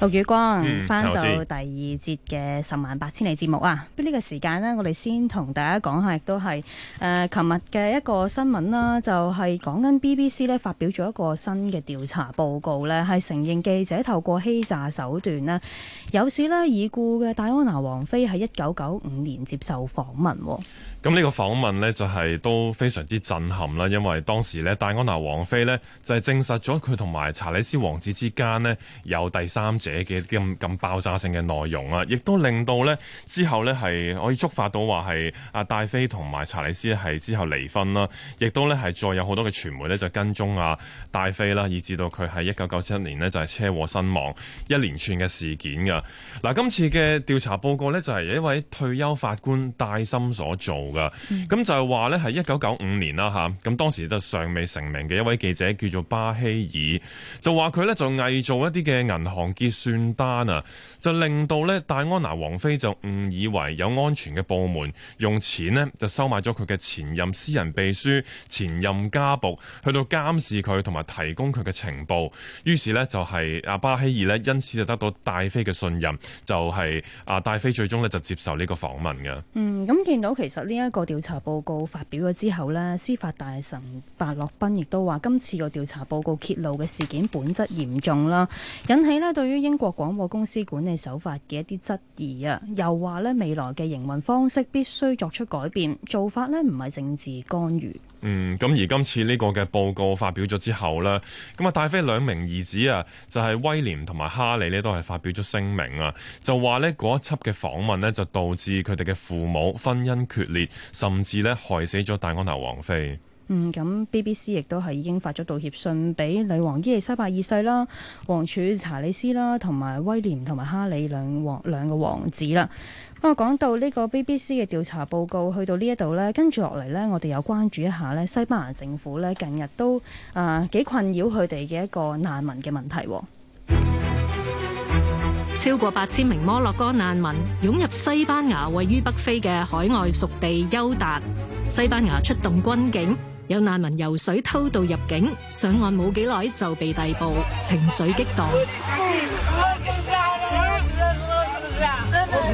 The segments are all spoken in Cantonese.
杜宇光，翻、嗯、到第二節嘅十萬八千里節目啊！呢、嗯這個時間呢，我哋先同大家講下，亦都係誒，琴日嘅一個新聞啦，就係講緊 BBC 咧發表咗一個新嘅調查報告咧，係承認記者透過欺詐手段咧，誘使呢已故嘅戴安娜王妃喺一九九五年接受訪問。咁呢個訪問呢，就係、是、都非常之震撼啦，因為當時呢，戴安娜王妃呢，就係、是、證實咗佢同埋查理斯王子之間呢，有第三者嘅咁咁爆炸性嘅內容啊，亦都令到呢，之後呢，係可以觸發到話係阿戴妃同埋查理斯係之後離婚啦，亦都呢，係再有好多嘅傳媒呢，就跟蹤阿、啊、戴妃啦，以至到佢喺一九九七年呢，就係、是、車禍身亡，一連串嘅事件噶。嗱、啊，今次嘅調查報告呢，就係、是、一位退休法官戴森所做。噶、嗯，咁就係話呢係一九九五年啦吓，咁當時就尚未成名嘅一位記者叫做巴希爾，就話佢呢就偽造一啲嘅銀行結算單啊，就令到呢戴安娜王妃，就誤以為有安全嘅部門用錢呢就收買咗佢嘅前任私人秘書、前任家僕，去到監視佢同埋提供佢嘅情報，於是呢就係阿巴希爾呢，因此就得到戴妃嘅信任，就係、是、阿戴妃最終呢就接受呢個訪問嘅。嗯，咁見到其實呢一個調查報告發表咗之後，司法大臣白洛賓亦都話，今次個調查報告揭露嘅事件本質嚴重啦，引起咧對於英國廣播公司管理手法嘅一啲質疑啊，又話未來嘅營運方式必須作出改變，做法咧唔係政治干預。嗯，咁而今次呢個嘅報告發表咗之後呢，咁啊戴妃兩名兒子啊，就係威廉同埋哈里呢，都係發表咗聲明啊，就話呢嗰一輯嘅訪問呢，就導致佢哋嘅父母婚姻決裂，甚至呢害死咗戴安娜王妃。嗯，咁 BBC 亦都係已經發咗道歉信俾女王伊麗莎白二世啦、王儲查理斯啦，同埋威廉同埋哈里兩王兩個王子啦。我講到呢個 BBC 嘅調查報告去到呢一度咧，跟住落嚟咧，我哋又關注一下咧，西班牙政府近日都啊幾困擾佢哋嘅一個難民嘅問題。超過八千名摩洛哥難民湧入西班牙位於北非嘅海外屬地休達，西班牙出動軍警，有難民游水偷渡入境，上岸冇幾耐就被逮捕，情緒激動。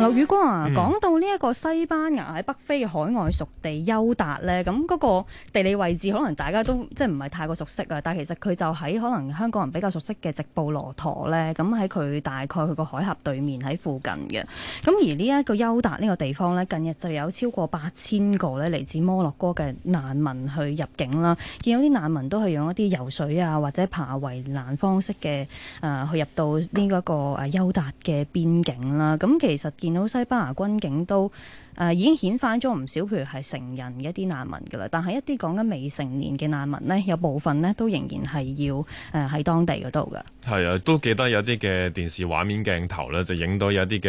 劉宇光啊，講、嗯、到呢一個西班牙喺北非嘅海外屬地休達呢，咁嗰、那個地理位置可能大家都 即係唔係太過熟悉啊。但係其實佢就喺可能香港人比較熟悉嘅直布羅陀呢，咁喺佢大概佢個海峽對面喺附近嘅。咁而呢一個休達呢個地方呢，近日就有超過八千個咧嚟自摩洛哥嘅難民去入境啦。見到啲難民都係用一啲游水啊或者爬圍欄方式嘅誒、呃、去入到呢一個誒休達嘅邊境啦。咁、嗯、其實好西班牙軍警都。呃、已經遣返咗唔少，譬如係成人嘅一啲難民㗎啦。但係一啲講緊未成年嘅難民呢，有部分呢都仍然係要喺、呃、當地嗰度嘅。係啊，都記得有啲嘅電視畫面鏡頭呢，就影到有啲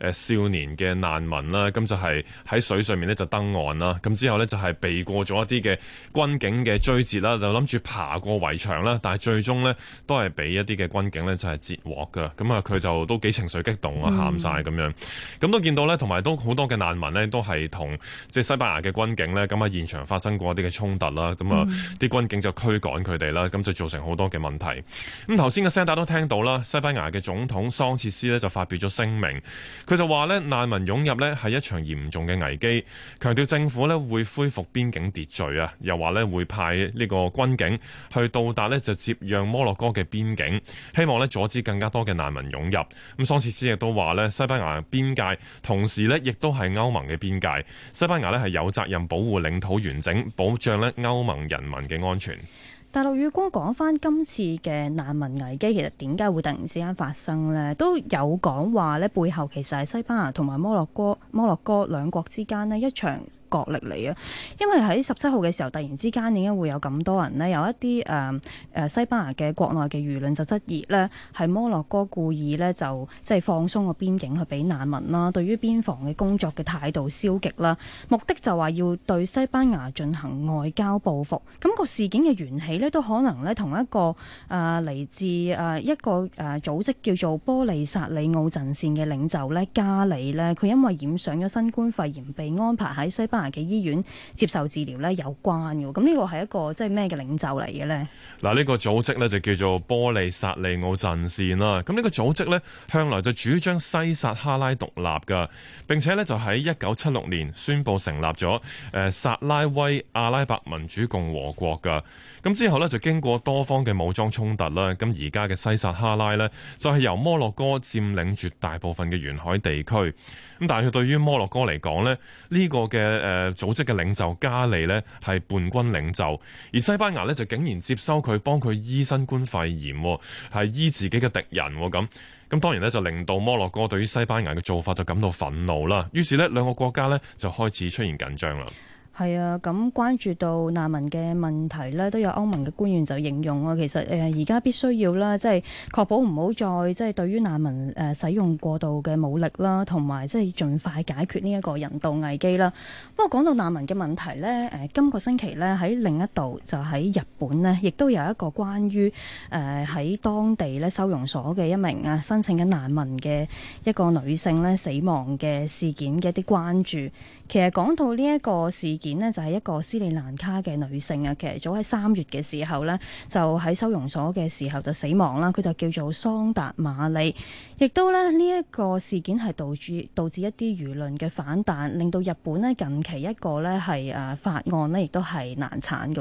嘅少年嘅難民啦。咁就係喺水上面呢，就登岸啦。咁之後呢，就係、是、避過咗一啲嘅軍警嘅追截啦，就諗住爬過圍牆啦。但係最終呢，都係俾一啲嘅軍警呢，就係、是、截獲㗎。咁啊，佢就都幾情緒激動啊，喊晒咁樣。咁都見到呢，同埋都好多嘅難民。都係同即係西班牙嘅軍警咧，咁喺現場發生過一啲嘅衝突啦，咁啊啲軍警就驅趕佢哋啦，咁就造成好多嘅問題。咁頭先嘅聲帶都聽到啦，西班牙嘅總統桑切斯就發表咗聲明，佢就話咧難民湧入咧係一場嚴重嘅危機，強調政府咧會恢復邊境秩序啊，又話咧會派呢個軍警去到達就接壤摩洛哥嘅邊境，希望阻止更加多嘅難民湧入。咁桑切斯亦都話西班牙邊界，同時咧亦都係歐盟嘅邊界，西班牙咧係有責任保護領土完整，保障咧歐盟人民嘅安全。大陸雨光講翻今次嘅難民危機，其實點解會突然之間發生咧？都有講話咧背後其實係西班牙同埋摩洛哥摩洛哥兩國之間呢一場。角力嚟啊！因為喺十七號嘅時候，突然之間點解會有咁多人咧？有一啲誒誒西班牙嘅國內嘅輿論就質疑咧，係摩洛哥故意咧就即係放鬆個邊境去俾難民啦。對於邊防嘅工作嘅態度消極啦，目的就話要對西班牙進行外交報復，咁、那個事件嘅緣起咧，都可能咧同一個誒嚟、呃、自誒一個誒組織叫做波利薩里奧陣綫嘅領袖咧，加利咧，佢因為染上咗新冠肺炎，被安排喺西班牙嘅醫院接受治療咧有關嘅。咁呢個係一個即係咩嘅領袖嚟嘅呢？嗱，呢個組織呢就叫做波利薩利奧陣線啦。咁、這、呢個組織呢，向來就主張西撒哈拉獨立嘅，並且呢就喺一九七六年宣布成立咗誒撒拉威阿拉伯民主共和國嘅。咁之後呢，就經過多方嘅武裝衝突啦，咁而家嘅西撒哈拉呢，就係由摩洛哥佔領絕大部分嘅沿海地區。咁但係佢對於摩洛哥嚟講呢，呢、這個嘅誒，組織嘅領袖加利呢係叛軍領袖，而西班牙呢就竟然接收佢，幫佢醫新冠肺炎，係醫自己嘅敵人咁咁，當然呢就令到摩洛哥對於西班牙嘅做法就感到憤怒啦。於是呢兩個國家呢，就開始出現緊張啦。係啊，咁關注到難民嘅問題呢，都有歐盟嘅官員就形容啊，其實誒而家必須要啦，即係確保唔好再即係對於難民誒使用過度嘅武力啦，同埋即係盡快解決呢一個人道危機啦。不過講到難民嘅問題呢，誒、呃、今個星期呢，喺另一度就喺日本呢，亦都有一個關於誒喺、呃、當地呢收容所嘅一名啊申請緊難民嘅一個女性呢死亡嘅事件嘅一啲關注。其實講到呢一個事件，件呢就係一個斯里蘭卡嘅女性啊，其實早喺三月嘅時候呢，就喺收容所嘅時候就死亡啦。佢就叫做桑達瑪莉，亦都呢呢一個事件係導致導致一啲輿論嘅反彈，令到日本呢近期一個呢係誒法案呢亦都係難產嘅。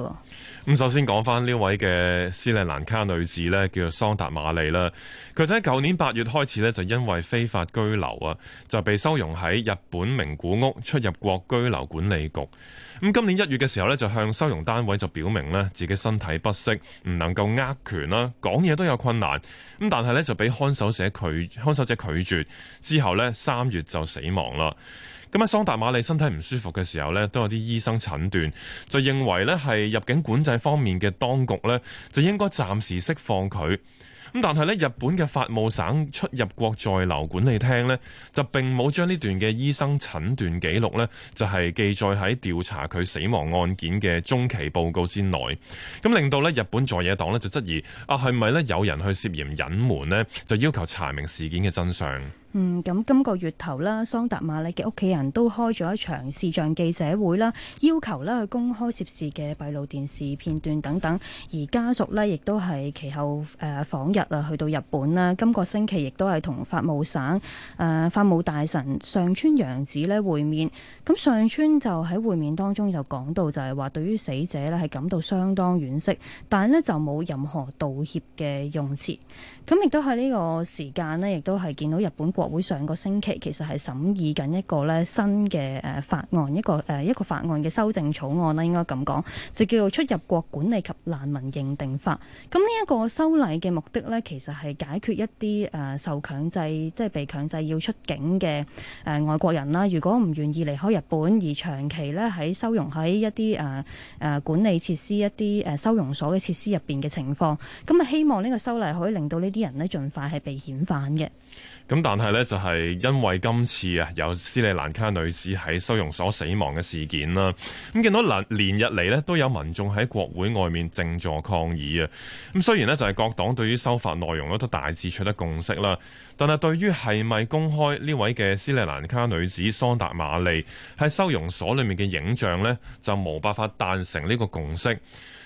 咁首先講返呢位嘅斯里蘭卡女子呢，叫做桑達瑪莉啦。佢就喺舊年八月開始呢，就因為非法居留啊，就被收容喺日本名古屋出入國居留管理局。咁今年一月嘅時候咧，就向收容單位就表明咧自己身體不適，唔能夠握拳啦，講嘢都有困難。咁但係咧就俾看守者拒看守者拒絕之後咧，三月就死亡啦。咁啊，桑達馬利身體唔舒服嘅時候咧，都有啲醫生診斷就認為咧係入境管制方面嘅當局咧就應該暫時釋放佢。咁但係咧，日本嘅法務省出入國在留管理廳呢，就並冇將呢段嘅醫生診斷記錄呢，就係記載喺調查佢死亡案件嘅中期報告之內，咁令到咧日本在野黨呢，就質疑啊，係咪咧有人去涉嫌隱瞞呢？就要求查明事件嘅真相。嗯，咁今個月頭啦，桑達馬利嘅屋企人都開咗一場視像記者會啦，要求呢去公開涉事嘅閉路電視片段等等。而家屬呢，亦都係其後、呃、訪日啊，去到日本啦。今個星期亦都係同法務省誒、呃、法務大臣上川陽子呢會面。咁上川就喺會面當中就講到，就係話對於死者呢係感到相當惋惜，但係呢就冇任何道歉嘅用詞。咁亦都喺呢個時間咧，亦都係見到日本國會上個星期其實係審議緊一個咧新嘅誒法案，一個誒、呃、一個法案嘅修正草案啦，應該咁講就叫做《出入國管理及難民認定法》。咁呢一個修例嘅目的咧，其實係解決一啲誒受強制，即係被強制要出境嘅誒外國人啦。如果唔願意離開日本而長期咧喺收容喺一啲誒誒管理設施、一啲誒收容所嘅設施入邊嘅情況，咁啊希望呢個修例可以令到呢啲。人呢，盡快係被遣返嘅。咁但係呢，就係、是、因為今次啊有斯里蘭卡女子喺收容所死亡嘅事件啦。咁見到連連日嚟，呢都有民眾喺國會外面靜坐抗議啊。咁雖然呢，就係各黨對於修法內容呢都大致取得共識啦，但係對於係咪公開呢位嘅斯里蘭卡女子桑達瑪利喺收容所裏面嘅影像呢，就冇辦法達成呢個共識。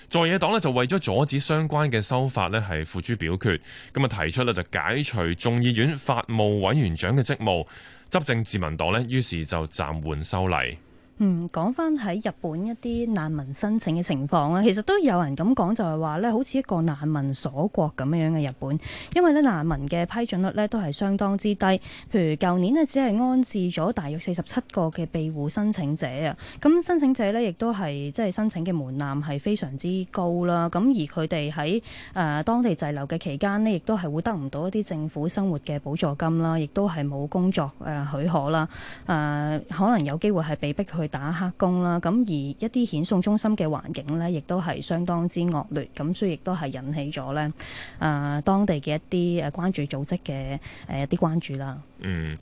在野黨呢就為咗阻止相關嘅修法呢係付諸表決，咁啊提出呢就解除眾議院法務委員長嘅職務，執政自民黨呢於是就暫緩修例。嗯，講返喺日本一啲難民申請嘅情況，其實都有人咁講，就係話呢好似一個難民鎖國咁樣嘅日本，因為呢難民嘅批准率呢都係相當之低，譬如舊年呢只係安置咗大約四十七個嘅庇護申請者啊，咁申請者呢，亦都係即係申請嘅門檻係非常之高啦，咁而佢哋喺誒當地滯留嘅期間呢，亦都係會得唔到一啲政府生活嘅補助金啦，亦都係冇工作誒許可啦，誒、呃、可能有機會係被逼去。去打黑工啦，咁而一啲遣送中心嘅環境咧，亦都係相當之惡劣，咁所以亦都係引起咗咧啊當地嘅一啲誒關注組織嘅誒一啲關注啦。嗯，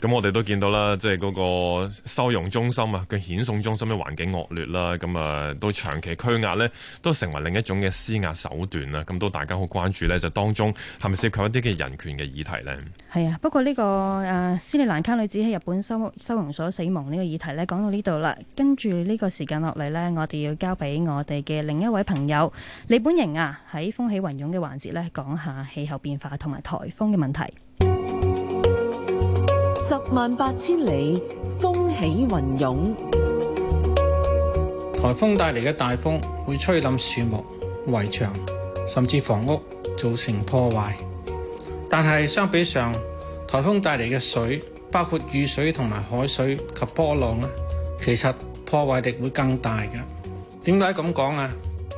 咁我哋都見到啦，即係嗰個收容中心啊，嘅遣送中心嘅環境惡劣啦，咁啊，都長期拘押呢，都成為另一種嘅施壓手段啦。咁都大家好關注呢，就當中係咪涉及一啲嘅人權嘅議題呢？係啊，不過呢個誒斯里蘭卡女子喺日本收收容所死亡呢個議題呢，講到呢度啦。跟住呢個時間落嚟呢，我哋要交俾我哋嘅另一位朋友李本瀅啊，喺風起雲湧嘅環節呢，講下氣候變化同埋颱風嘅問題。十萬八千里，風起雲湧。颱風帶嚟嘅大風會吹冧樹木、圍牆，甚至房屋，造成破壞。但係相比上，颱風帶嚟嘅水，包括雨水同埋海水及波浪呢，其實破壞力會更大嘅。點解咁講啊？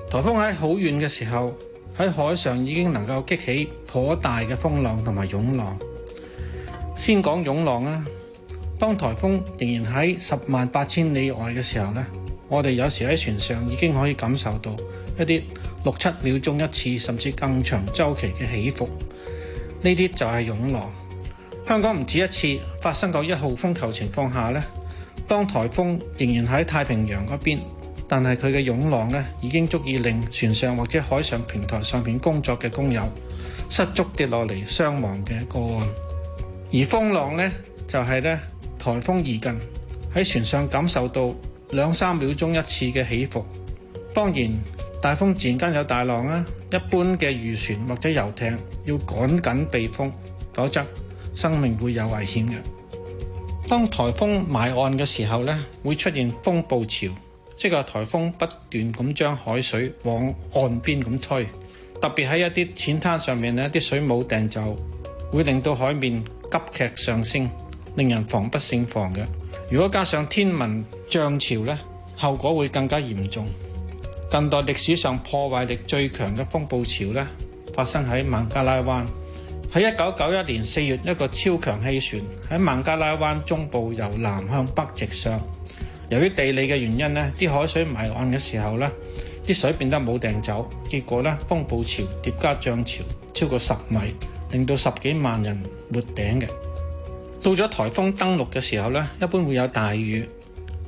颱風喺好遠嘅時候，喺海上已經能夠激起頗大嘅風浪同埋湧浪。先講湧浪啦。當颱風仍然喺十萬八千里外嘅時候呢，我哋有時喺船上已經可以感受到一啲六七秒鐘一次，甚至更長週期嘅起伏。呢啲就係湧浪。香港唔止一次發生過一號風球情況下呢，當颱風仍然喺太平洋嗰邊，但係佢嘅湧浪呢已經足以令船上或者海上平台上面工作嘅工友失足跌落嚟，傷亡嘅個案。而風浪呢，就係咧颱風移近喺船上感受到兩三秒鐘一次嘅起伏。當然大風自然有大浪啦，一般嘅漁船或者遊艇要趕緊避風，否則生命會有危險嘅。當颱風埋岸嘅時候呢，會出現風暴潮，即係颱風不斷咁將海水往岸邊咁推，特別喺一啲淺灘上面呢啲水冇掟就會令到海面急劇上升，令人防不勝防嘅。如果加上天文漲潮呢，後果會更加嚴重。近代歷史上破壞力最強嘅風暴潮呢，發生喺孟加拉灣。喺一九九一年四月，一個超強氣旋喺孟加拉灣中部由南向北直上。由於地理嘅原因呢，啲海水迷岸埋岸嘅時候呢，啲水變得冇埞走。結果呢，風暴潮疊加漲潮，超過十米。令到十幾萬人沒頂嘅。到咗颱風登陸嘅時候咧，一般會有大雨，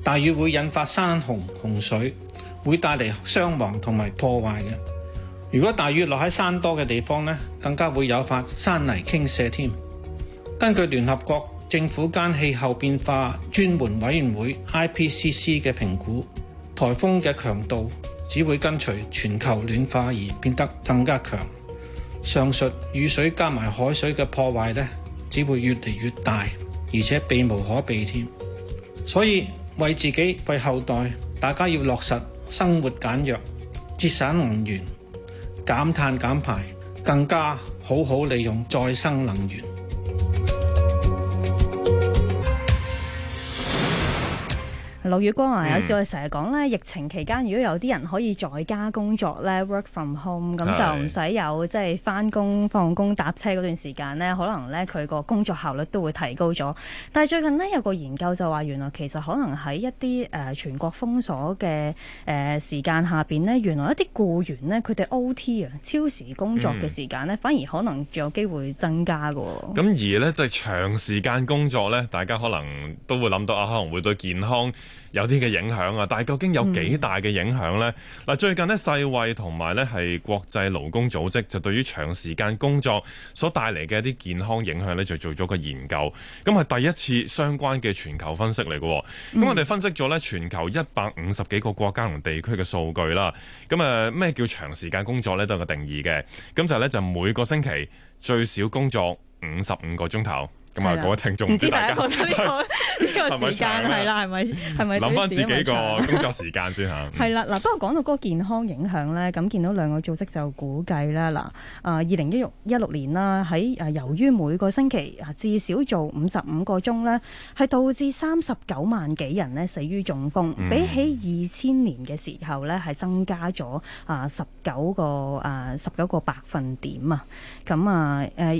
大雨會引發山洪、洪水，會帶嚟傷亡同埋破壞嘅。如果大雨落喺山多嘅地方咧，更加會有發山泥傾瀉添。根據聯合國政府間氣候變化專門委員會 IPCC 嘅評估，颱風嘅強度只會跟隨全球暖化而變得更加強。上述雨水加埋海水嘅破壞咧，只會越嚟越大，而且避無可避添。所以為自己為後代，大家要落實生活簡約、節省能源、減碳減排，更加好好利用再生能源。六月光啊！有時我成日講咧，疫情期間如果有啲人可以在家工作咧，work from home，咁就唔使有即係翻工、放工、搭車嗰段時間咧，可能咧佢個工作效率都會提高咗。但最近呢，有個研究就話，原來其實可能喺一啲、呃、全國封鎖嘅誒、呃、時間下面呢，原來一啲雇員呢，佢哋 O T 啊、超時工作嘅時間呢、嗯，反而可能仲有機會增加嘅。咁、嗯、而咧就係、是、長時間工作咧，大家可能都會諗到啊，可能會對健康，有啲嘅影響啊，但係究竟有幾大嘅影響呢？嗱、嗯，最近呢世衛同埋咧係國際勞工組織就對於長時間工作所帶嚟嘅一啲健康影響咧就做咗個研究，咁係第一次相關嘅全球分析嚟嘅。咁我哋分析咗咧全球一百五十幾個國家同地區嘅數據啦。咁啊咩叫長時間工作咧？都有個定義嘅。咁就係咧就每個星期最少工作五十五個鐘頭。咁、這個、 時 啊，各位聽眾，唔知大家覺得呢個呢個時間係啦，係咪係咪？諗翻自己個工作時間先吓，係 啦，嗱、嗯，不過講到個健康影響咧，咁見到兩個組織就估計咧，嗱、呃，二零一六一六年啦，喺由於每個星期啊至少做五十五個鐘咧，係導致三十九萬幾人咧死於中風，嗯、比起二千年嘅時候咧係增加咗啊十九個啊十九個百分點啊，咁、呃、啊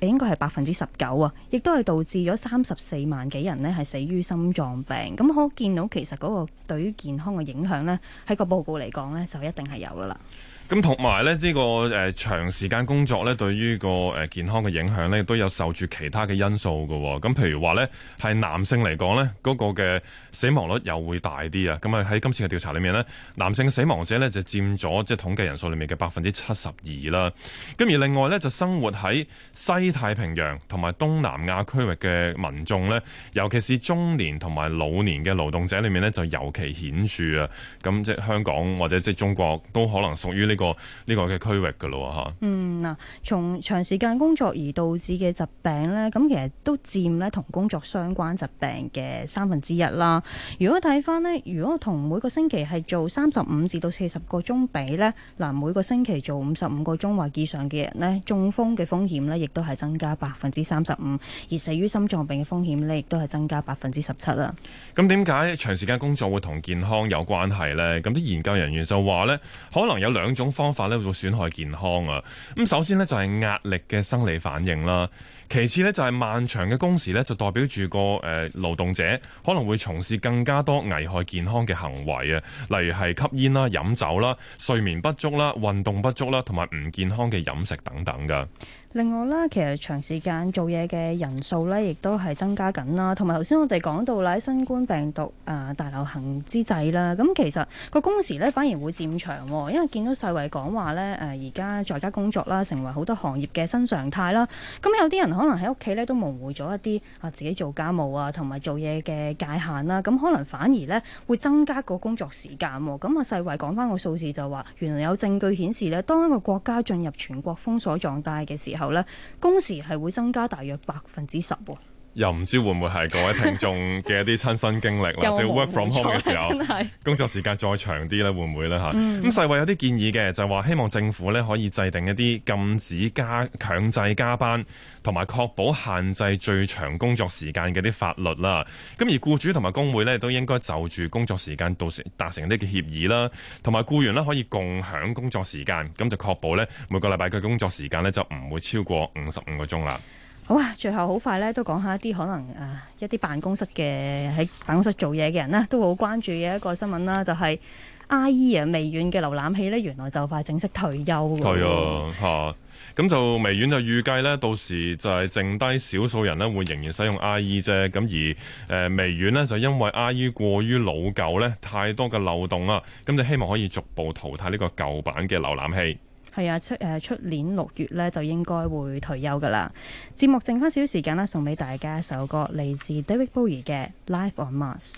應該應係百分之十九啊！亦都係導致咗三十四萬幾人呢，係死於心臟病。咁可見到其實嗰個對於健康嘅影響呢，喺個報告嚟講呢，就一定係有㗎喇。咁同埋咧，呢個誒長時間工作咧，對於個誒健康嘅影響咧，都有受住其他嘅因素嘅。咁譬如話咧，係男性嚟講咧，嗰個嘅死亡率又會大啲啊。咁啊喺今次嘅調查裏面咧，男性嘅死亡者咧就佔咗即係統計人數裏面嘅百分之七十二啦。咁而另外咧，就生活喺西太平洋同埋東南亞區域嘅民眾咧，尤其是中年同埋老年嘅勞動者裏面咧，就尤其顯著啊。咁即係香港或者即係中國都可能屬於呢。個呢個嘅區域噶咯吓，嗯嗱，從長時間工作而導致嘅疾病呢，咁其實都佔呢同工作相關疾病嘅三分之一啦。如果睇翻，呢，如果同每個星期係做三十五至到四十個鐘比呢，嗱每個星期做五十五個鐘或以上嘅人呢，中風嘅風險呢亦都係增加百分之三十五，而死於心臟病嘅風險呢亦都係增加百分之十七啦。咁點解長時間工作會同健康有關係呢？咁啲研究人員就話呢，可能有兩種。方法咧會損害健康啊，咁首先咧就係壓力嘅生理反應啦。其次呢，就係漫長嘅工時呢，就代表住個誒勞動者可能會從事更加多危害健康嘅行為啊，例如係吸煙啦、飲酒啦、睡眠不足啦、運動不足啦，同埋唔健康嘅飲食等等嘅。另外啦，其實長時間做嘢嘅人數呢，亦都係增加緊啦。同埋頭先我哋講到啦，新冠病毒啊大流行之際啦，咁其實個工時呢，反而會漸長喎，因為見到世衛講話呢，誒，而家在家工作啦，成為好多行業嘅新常態啦。咁有啲人，可能喺屋企咧都模糊咗一啲啊，自己做家務啊同埋做嘢嘅界限啦，咁可能反而咧會增加個工作時間。咁阿世衛講翻個數字就話，原來有證據顯示咧，當一個國家進入全國封鎖狀態嘅時候咧，工時係會增加大約百分之十。又唔知會唔會係各位聽眾嘅一啲親身經歷啦， 即 work from home 嘅時候，工作時間再長啲咧，會唔會咧嚇？咁、嗯、世衛有啲建議嘅，就係話希望政府咧可以制定一啲禁止加強制加班，同埋確保限制最長工作時間嘅啲法律啦。咁而僱主同埋工會咧，都應該就住工作時間到時達成啲嘅協議啦，同埋僱員咧可以共享工作時間，咁就確保咧每個禮拜嘅工作時間咧就唔會超過五十五個鐘啦。好啊！最後好快咧，都講下一啲可能、啊、一啲辦公室嘅喺辦公室做嘢嘅人呢，都會好關注嘅一個新聞啦，就係、啊、IE 微軟嘅瀏覽器呢，原來就快正式退休喎。係啊，嚇！咁就微軟就預計呢，到時就係剩低少數人呢會仍然使用 IE 啫。咁而誒、呃、微軟呢，就因為 IE 過於老舊呢，太多嘅漏洞啦，咁就希望可以逐步淘汰呢個舊版嘅瀏覽器。係啊，出誒出年六月咧就應該會退休㗎啦。節目剩翻少少時間啦，送俾大家一首歌，嚟自 David Bowie 嘅《Life on Mars》。